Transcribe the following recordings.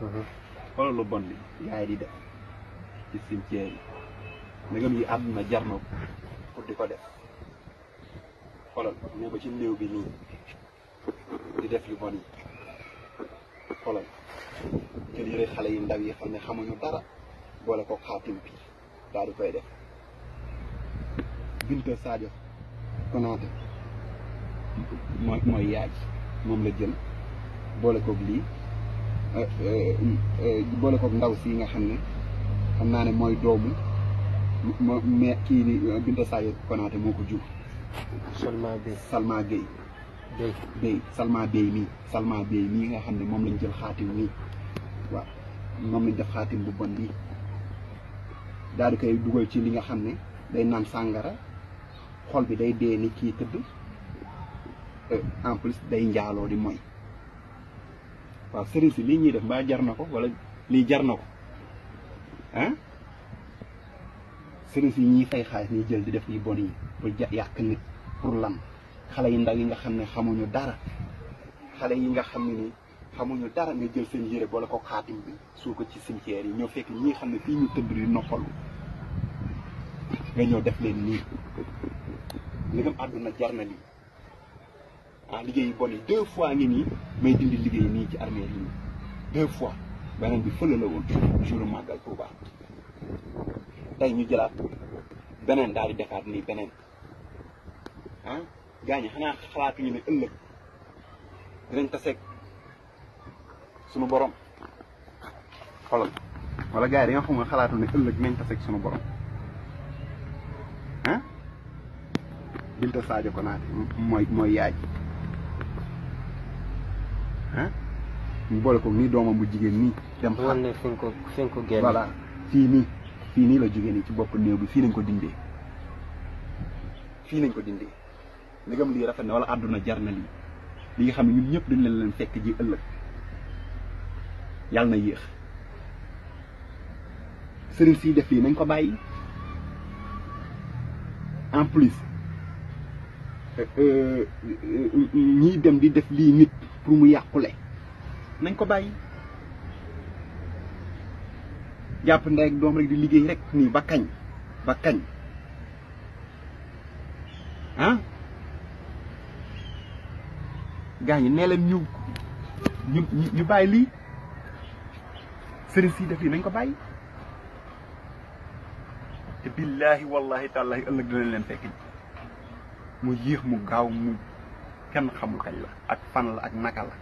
Mhm. xoolal lu bon li gars di def ci cimetière yi ndegam yi àdduna jar pour di ko def xoolal ne ba ci néew bi nii di def yu bon yi xoolal te yére xale yu ndaw yi xam ne xamuñu dara boole ko xaatim bi daal di koy def Binta Sadio Konaté mooy mooy yaay moom la jël boole koog lii Eh, eh, mm, eh, boole koog ndaw si nga xam ne xam naa ne mooy doomu ma ma kii ni Binta Saye Konaté moo ko jur. Salma Gueye Salma Gueye. Gueye Gueye Salma Gueye mii nga xam ne moom lañ jël xaatim nii waaw moom lañ def xaatim bu bon bii daal di koy dugal ci li nga xam ne day naan sàngara xol bi day dee ni kii tëdd en plus day njaaloo di mooy. waaw sëriñ si lii ñuy def mbaa jar na ko wala lii jar na ko ah sëriñ si ñuy fay xaalis ñuy jël di def yu bon yi pour yàq nit pour lan xale yu ndax yi nga xam ne xamuñu dara xale yi nga xam ne nii xamuñu dara nga jël seen yére boole ko xaatim bi suul ko ci cimetière yi ñoo fekk ñi xam ne fii ñu tëdd di noppalu nga ñëw def leen nii li àdduna jar na lii ah liggéey yu bon yi fois ngi nii may dindi liggéey nii ci armée yi nii deux fois beneen bi fële la woon jour màggal Touba tey ñu jëlaat beneen daal di defaat nii beneen ah gars ñi xalaatuñu ne ëllëg dinañ taseeg sunu borom xolal wala gars yi dañoo xam ne xalaatu ne ëllëg dinañ taseeg sunu borom ah Binta Sadio Konaté mooy mooy yaay. ah boole ko nii doomam bu jigéen nii. dem xam ne fi ko fi nga ko fii nii fii nii la jigéen nii ci bopp néew bi fii nañ ko dindee fii nañ ko dindee ndegam lii rafet na wala àdduna jar na lii li xam ne ñun ñëpp dañ leen leen fekk ji ëllëg yàlla na yéex sëriñ siy def lii nañ ko bàyyi en plus euh, euh, ñiy dem di def lii nit. pour mu yàqule nañ ko bàyyi jàpp ndey ak doom rek di liggéey rek nii ba kañ ba kañ ah gaa ñi nee leen ñu ñu ñu bàyyi lii sëriñ si def lii nañ ko bàyyi te billaahi wallaahi tàllaahi ëllëg dinañ leen fekk mu yéex mu gaaw mu kenn xamul kañ la ak fan la ak naka la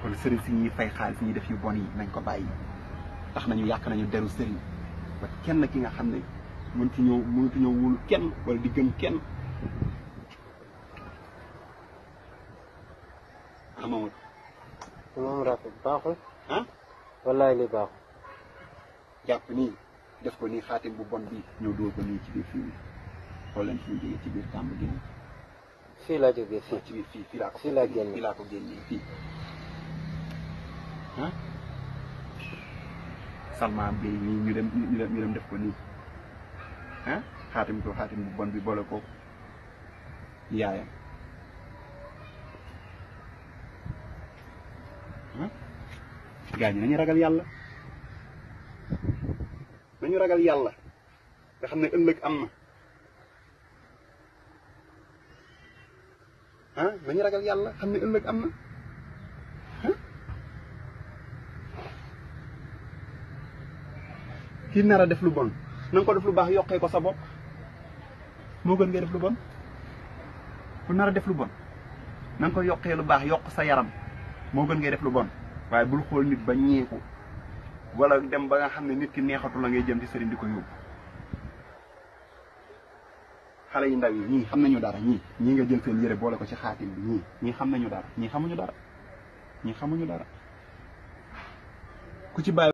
kon sëriñ si ñuy fay xaalis ñuy def yu bon yi nañ ko bàyyi tax nañu yàq nañu deru sëriñ ba kenn ki nga xam ne mënut ñëw mëntu ñëw wóolu kenn wala di gëm kenn. ah Mamadou. moom rafet baaxul. ah. wallaay li baaxul. jàpp nii def ko nii xaatim bu bon bii ñëw dóor ko nii ci biir fii. problème fi mu jógee ci biir kàmb gi. fii laa jógee fii ci laa ko. fii laa génnee ko génnee fii. ah. bi nii ñu dem ñu dem def ko nii ah xaatim ko xaatim bu bon bi boole ko yaayam. gaa ñi nañu ragal yàlla nañu ragal yàlla nga xam ne ëllëg am na. ah ragal yàlla xam ne ëllëg am na ki nar a def lu bon na ko def lu baax yokkee ko sa bopp moo gën ngay def lu bon ku nar a def lu bon na ko yokkee lu baax yokk sa yaram moo gën ngay def lu bon waaye bul xool nit ba ñeeku wala dem ba nga xam ne nit ki neexatu la ngay jëm ci sëriñ di ko yóbbu xale yu ndaw yi ñii xam nañu dara ñii ñii nga jël seen yére boole ko ci xaatim bi ñii ñii xam nañu dara ñii xamuñu dara ñii xamuñu dara ku ci bàyyi